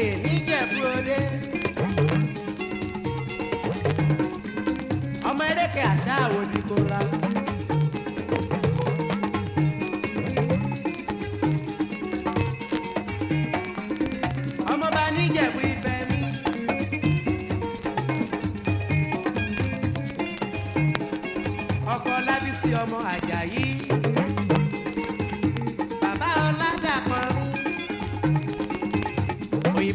lè níjẹ̀bú òde. ọmọ eréke àṣà àwòdì kò la.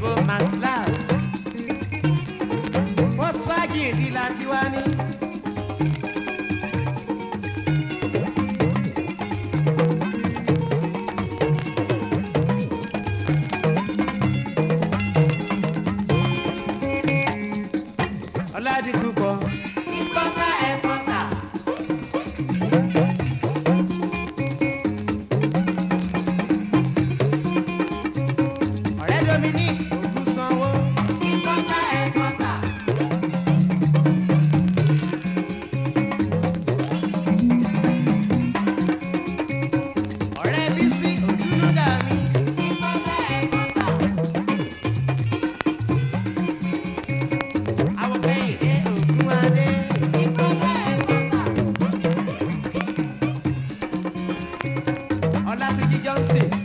Ibo my class. Volkswagen, Dylan Diwani. the Young say.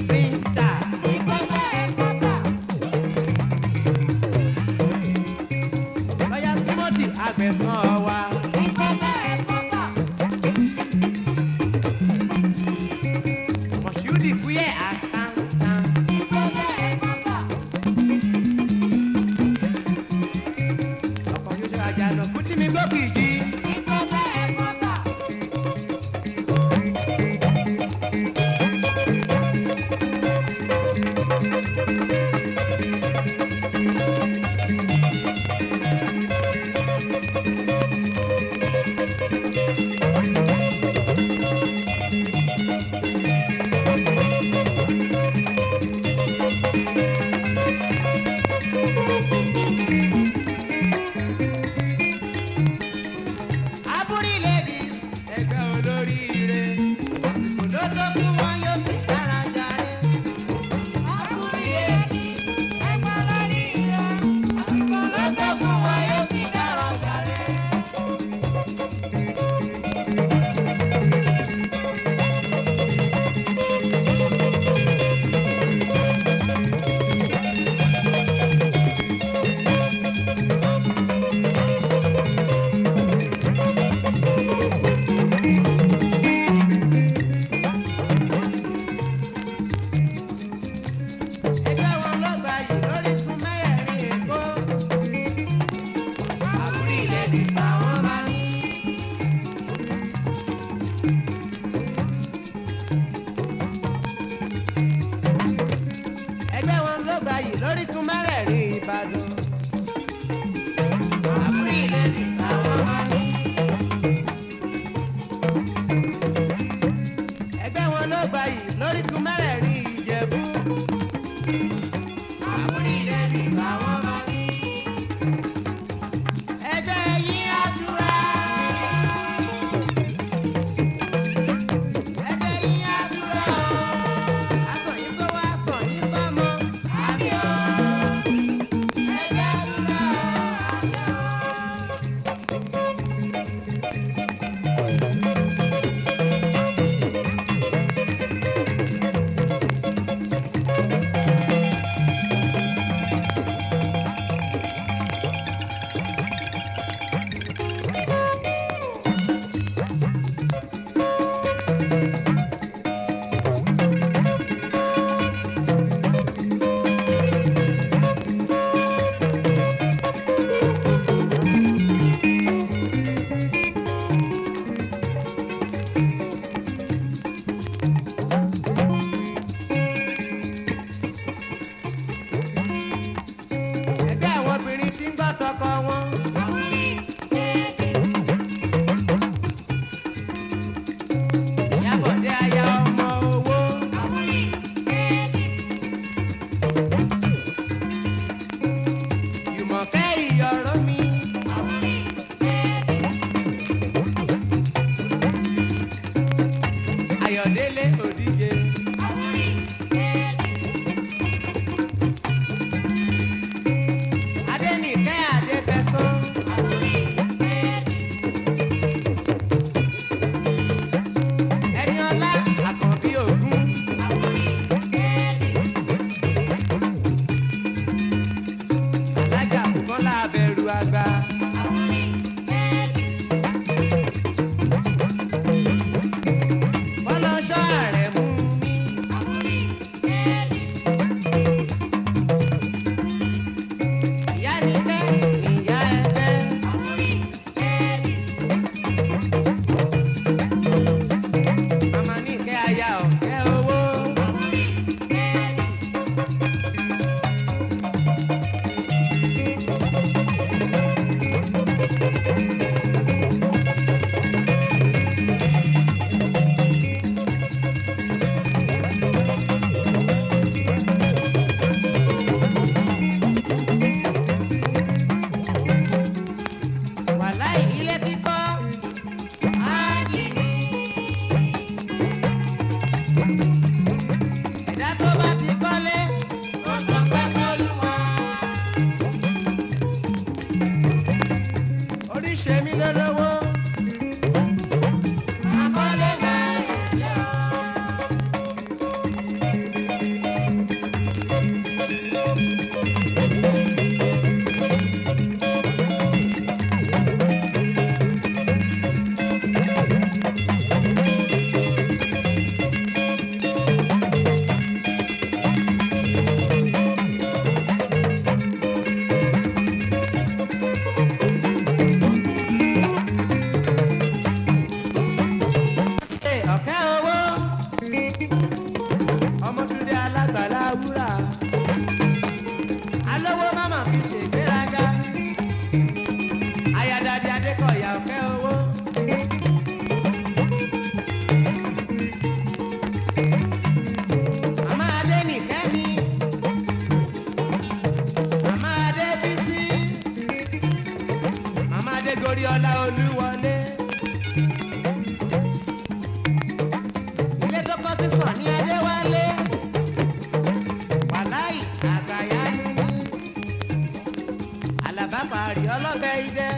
àrí ọlọ́bẹ idẹ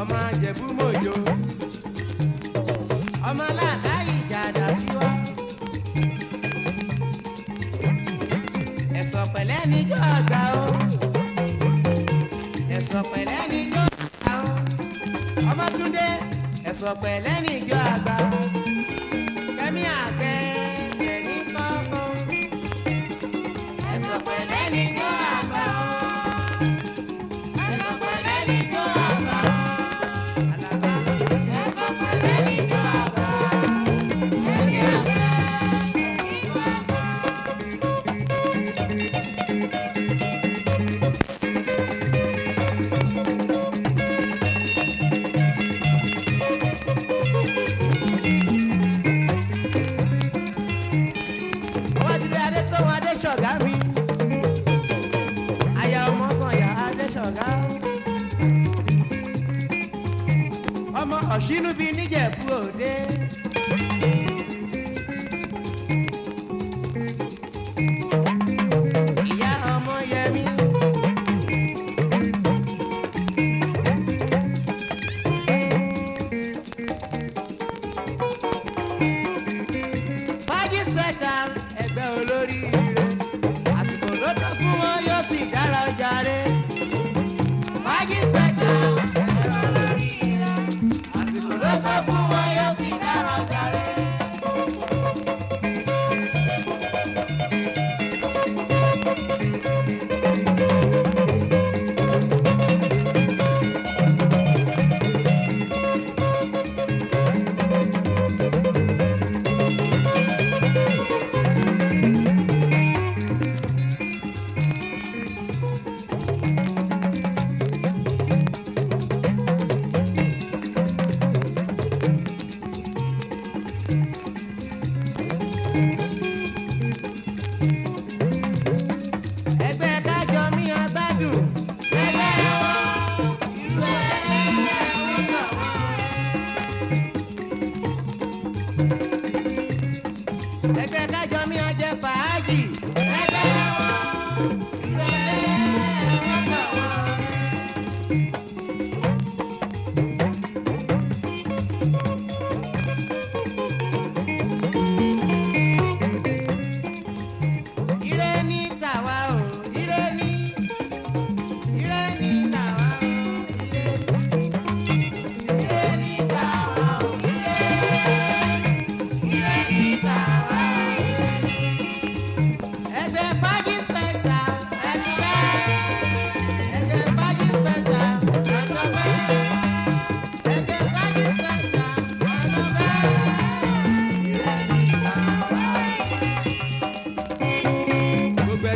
ọmọ àjẹbú mòjó ọmọ làkà ìjà dàbí wá. ẹ̀sọ̀ pẹ̀lẹ́ níjọ́ ọ̀gá o ẹ̀sọ̀ pẹ̀lẹ́ níjọ́ ọ̀gá o ọmọ Túndé ẹ̀sọ̀ pẹ̀lẹ́ níjọ́ ọ̀gá o.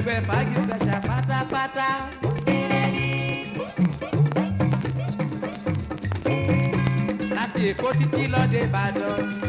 ẹ̀wẹ̀ báàgì fẹ̀ṣà pátápátá. láti èkó títí lọ́dẹ̀ ìbàdàn.